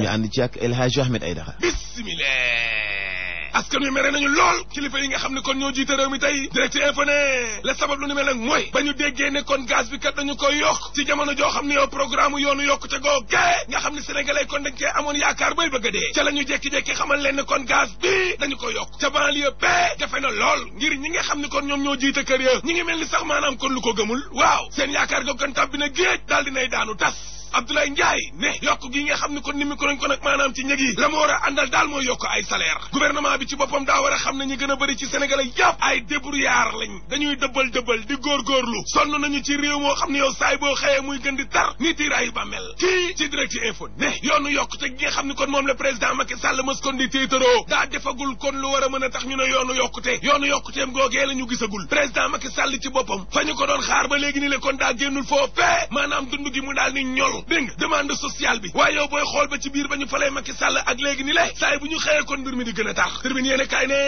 ñu ànd ci ak El Hadj Ahmed Aïdara bismillah askan wi mere nañu lool kilifa yi nga xam ne kon ñoo jiite réew mi tey direct info la sabab lu ni mel mooy ba ñu déggee ne kon gaz bi kat dañu koy yokk ci jamono joo xam ne yow programme yoonu yokk ca googe nga xam ne sénégalais kon dañ cee amoon yaakaar bay bëgg a dee ca la ñu jekki-jekki xamal leen ne kon gaz bi dañu koy yokk ca banlieue ba jafe na lool ngir ñi nga xam ne kon ñoom ñoo jiite kër ya ñi ngi mel ni sax maanaam kon lu ko gëmul waaw seen yaakaar googan bi na géej daal dinay daanu tas Abdoulaye Ndiaye ne yokk gi nga xam ne kon ni mi ko nañ ko nag maanaam ci ñëg yi la mu war a àndal daal mooy yokk ay salaire gouvernement bi ci boppam daa war a xam ne ñu gën a bëri ci sénégalais yàpp ay débrouillard lañ dañuy dëbbal dëbbal di góorgóorlu sonn nañu ci réew moo xam ne yow saay boo xëyee muy gën di tar ni tiir ay bàmmeel kii ci direct info ne yoonu yokk gi nga xam ne kon moom la président Macky Sall mës kon di tiitaroo daa defagul kon lu war a mën a tax ñu ne yoonu yokkute yoonu yokkuteem googee la ñu gisagul président Macky Sall ci boppam fa ko doon xaar ba léegi ni le kon daa génnul foo gi mu daal ni ñol moom nga demande sociale bi waaye yow booy xool ba ci biir ba ñu falee Macky Sall ak léegi ni le saa yi bu ñu xëyee kon mbir mi di gën a taax termine yéene kaay ne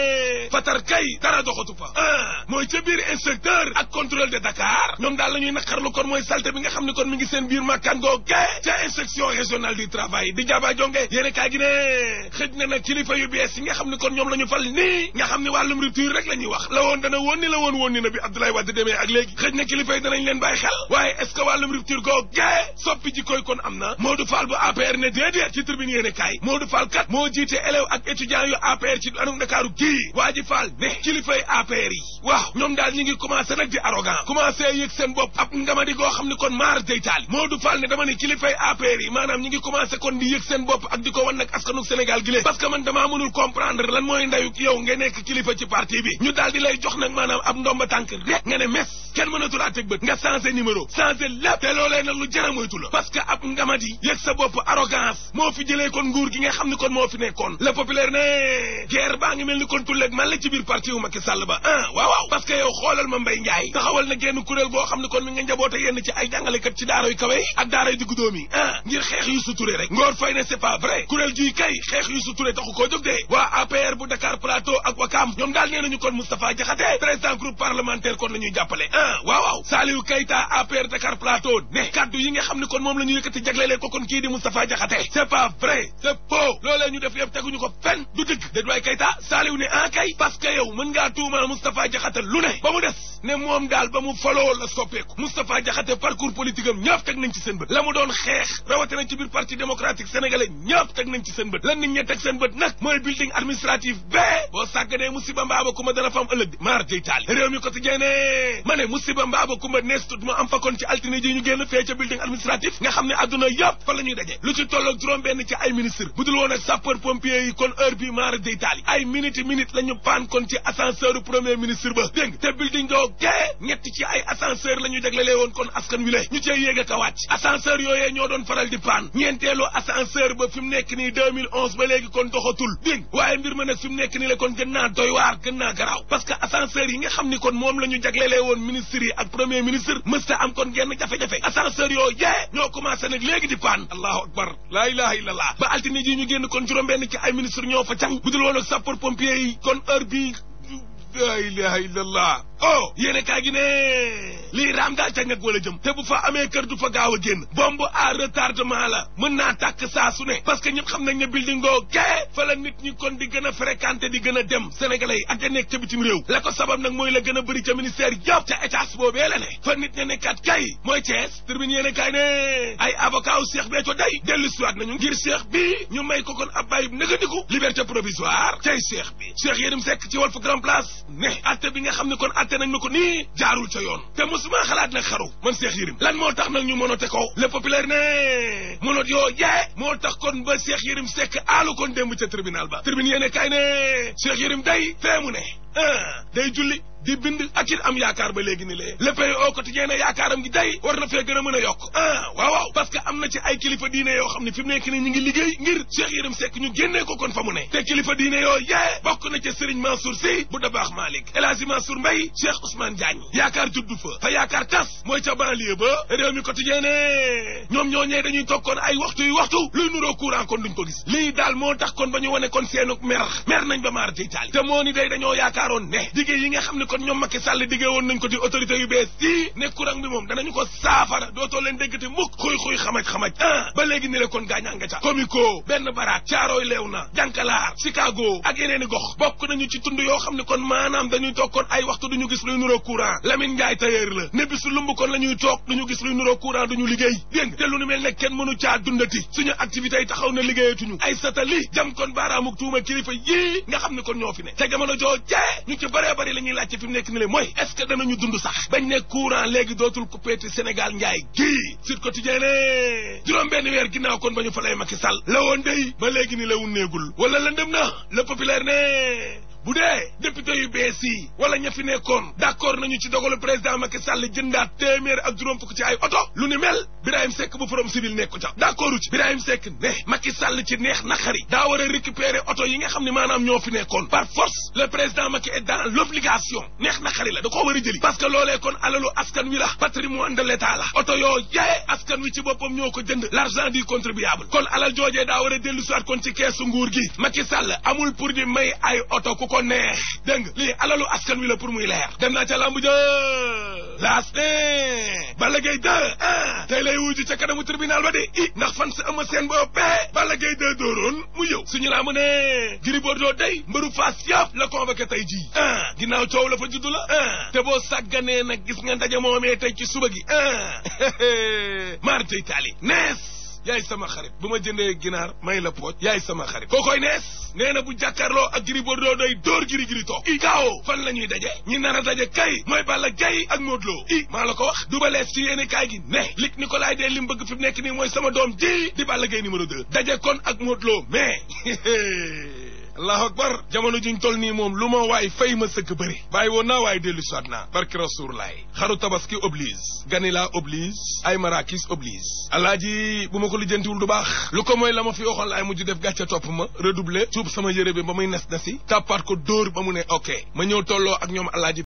fatar kay dara doxatu fa ah mooy ca biir inspecteur ak contrôle de Dakar ñoom daal la naqarlu kon mooy salte bi nga xam ne kon mi ngi seen biir màkkaan googe ca inspection régionale du travail di jaaba jonge yéene gi ne xëj na nag kilifa yu bees yi nga xam ne kon ñoom la ñu fal nii nga xam ne wàllum la ñuy wax la woon dana woon ni la woon woon ni na bi Abdoulaye Wade demee ak na leen bàyyi xel waaye est koy kon am na Modou Fall bu APR ne déedéet ci tribune yéene kaay Modou Fall kat moo jiite élève ak étudiants yu APR ci anu Ndakaaru gii waa ji Fall ne kilifay APR yi waaw ñoom daal ñi ngi commencé nag di arrogant commencé yëg seen bopp ab ngama di goo xam ne kon maar deytaali Modou Fall ne dama ne kilifay APR yi maanaam ñi ngi commencé kon di yëg seen bopp ak di ko wan nag askanu Sénégal gi lée parce que man damaa mënul comprendre lan mooy ndayu yow nga nekk kenn mënatul àteg bët nga changé numéro changé lépp te loolee nga ab ngamati yëg sa bopp arrogance moo fi jëlee kon nguur gi nga xam ni kon moo fi nekkoon le populaire ne guerre baa ngi mel ni kon tulleeg man ci biir parti wu Macky ba ah waaw waaw parce que xoolal ma Mbaye Ndiaye taxawal na genn kuréel boo xam ne kon mi nga njaboote yenn ci ay jàngalekat ci daara kawe ak daara yu diggu dóom ah ngir xeex yu suturé rek ngoor fay ne c'est pas vrai kuréel gii kay xeex yu suturé taxu koo jóg de waa APR bu ñu la ñu yëkkati jaglelee ko kon kii di Moustapha Diakhaté c'est pas vrai c'est faux loolee ñu def yëpp teguñu ko fenn du dëgg déet waay Keita saaliw ne en ah kay parce que yow mën ngaa tuumal Moustapha Diakhaté lu ne ba mu des ne moom daal ba mu faloo la soppeeku Moustapha Diakhaté parcours politique am ñëpp nañ ci seen bët la mu doon xeex rawatina ci biir parti démocratique sénégalais ñëpp teg nañ ci seen bët lan nit ñi teg seen bët nag mooy building administratif bee boo sàgganee musiba nga xam ne adduna yëpp fa la ñuy daje lu ci tolloog juróom benn ci ay ministre bu woon ak sapeur pompier yi kon heure bi maara day ay minute minute la ñu paan kon ci ascenseur premier ministre ba dégg te building doo ñetti ci ay ascenseur la ñu woon kon askan wi la ñu cee yéeg ak a wàcc ascenseur yooyee ñoo doon faral di paan ñeenteelu ascenseur ba fi mu nekk nii 2011 ba léegi kon doxatul dégg waaye mbir ma nag fi mu nekk nii la kon gën naa doy waar gën naa garaaw yi nga xam ni kon moom la ñu jaglelee woon ministre yi ak premier ministre mësta am kon commencé nag léegi di paan allahu akbar laa ilaha illa allah ba altine ji ñu génn kon juróom-benn ci ay ministre ñoo fa cam bu dul woon kon heure bii laa ilaha illa allah oh yéen a kaay gi ne lii raam daal ca ñag wala jëm te bu fa amee kër du fa gaaw a génn bombe à retardement la mën naa tàkk saa su ne parce que ñëpp xam nañ ne building ngoo kee fa nit ñi kon di gën a fréquenté di gën a dem sénégalais yi ak ya nekk ca bitim réew la ko sabab nag mooy la gën a bëri ca ministère yëpp ca état boobee la ne fa nit ña nekkaat kay mooy Thiès tribune yéen a kaay ne ay avocat u Cheikh Béthio day dellu siwaat nañu ngir Cheikh bi ñu may ko kon ab bàyyib nëgandiku liberté provisoire tey Cheikh bi Cheikh atte nañ ko nii jaarul ca yoon te mosuma xalaat nag xaru man Cheikh Yérim lan moo tax nag ñu mënote ko le populaire ne mënoot yoo jee moo tax kon ba Cheikh Yérim Seck aalu kon démb ca tribunal ba tribune yéene kay ne Cheikh Yérim day fee mu ne day julli di bind ak it am yaakaar ba léegi ni lee le pays au quotidien ne yaakaaram gi day war na fee gën a mën a yokk ah waaw waaw parce que am na ci ay kilifa diine yoo xam ne fi mu nekk ni ñu ngi liggéey ngir Cheikh Yérim Seck ñu génnee ko kon fa mu ne te kilifa diine yoo yee bokk na ca Serigne Mansour Sy bu Dabaax Malick El Hadji Mansour Mbaye Cheikh Ousmane Diagne yaakaar juddu fa fa yaakaar tas mooy ca banlieue ba réew mi quotidien ne ñoom ñoo ñee dañuy toog kon ay daal moo tax kon ba ñu wane kon seenuk mer mer yaakaaroon ne diggée yi nga xam ne kon ñoom Macky Sall diggée woon nañ ko ci autorité yu bees yi ne courant bi moom danañu ko saafara dootoo leen déggati mukk xuy-xuy xamaj-xamaj ah ba léegi ni le kon gaañaa nga ca comico benn baraak caarooy leew na jànkalaar Chicago ak yeneeni gox bokk nañu ci tund yoo xam ne kon maanaam dañuy toog kon ay waxtu duñu gis luy nuroo courant Lamine Ndiaye tailleur la ne lu lumb kon la ñuy toog ñu gis luy nuroo courant duñu liggéey dégg te lu nu mel ne kenn mënu caa dundati suñu activité yi taxaw na liggéeyatuñu ay satali kon baaraamuk tuuma kilifa yii nga xam ne kon ñoo fi ne te jamono joo ñu ci bëree bëri la ñuy laajte fi mu nekk ni le mooy est-ce que dund sax bañ ne courant léegi dootul coupeeti Sénégal njaay gii Sud Quotidien ne juróom benn weer ginnaaw kon ba ñu fa lay Macky Sall la woon day ba léegi ni la wunneegul wala lëndëm na le populaire ne bu dee député yu bees yi wala ña fi nekkoon d'accord nañu ci dogalu président Macky Sall jëndaat téeméer ak juróom fukk ci ay oto lu ni mel Birahim Seck bu forom civil nekku ca d'accord ci Birahim Seck ne Macky Sall ci neex naqari daa war a récupérer oto yi nga xam ne maanaam ñoo fi nekkoon par force le président Macky est dans l'obligation neex naqari la da koo war a jëli parce que loolee kon alalu askan wi la patrimoine de l'État la oto yoo yaye askan kon alal joojee daa war a dellu siwaat kon pour di may ay oto ku ko neex dégg nga lii alalu askan wi la pour muy leer dem naa ca lamb ja laas ne Balla Gaye 2 tey lay wuju ca kanamu tribunal ba de i ndax fan sa ama seen bopp eh? Balla Gaye 2 dooroon mu yow suñu laa mu ne Gris Bordeaux day mbaru faas yëpp la convoqué tey jii ah ginnaaw coow la fa juddu la te boo sàgganee nag gis nga ndaje moomee tey ci suba gi ah mar tey nees yaay sama xarit bu ma jëndee ginaar may la pooj yaay sama xarit kookoy nees nee na bu jàkkaarloo ak Gris Bordeaux day dóor giri giri toog i kaawoo fan la ñuy daje ñi nar a daje kay mooy Balla Gaye ak Modou Lo i maa la ko wax du ba lees ci yéene kaay gi ne lig Nicolas dee li mu fi mu nekk nii mooy sama doom ji di Balla Gaye numéro 2 daje kon ak Modou Lo mais allahu akbar jamono juñ toll nii moom lu ma waay fay ma sëkk bëri bàyyi woon naa waay dellu soit naa barki rasuulaay xaru tabaski oblige ganilaa oblige ay marakis oblige alaaji bu ma ko lijjantiwul du baax lu ko mooy la ma fi waxoon laay mujj def gàcce topp ma redoubler cuub sama yére bi ba muy nes nesi tàppaat ko dóor ba mu ne ok ma ñëw tolloo ak ñoom alaaji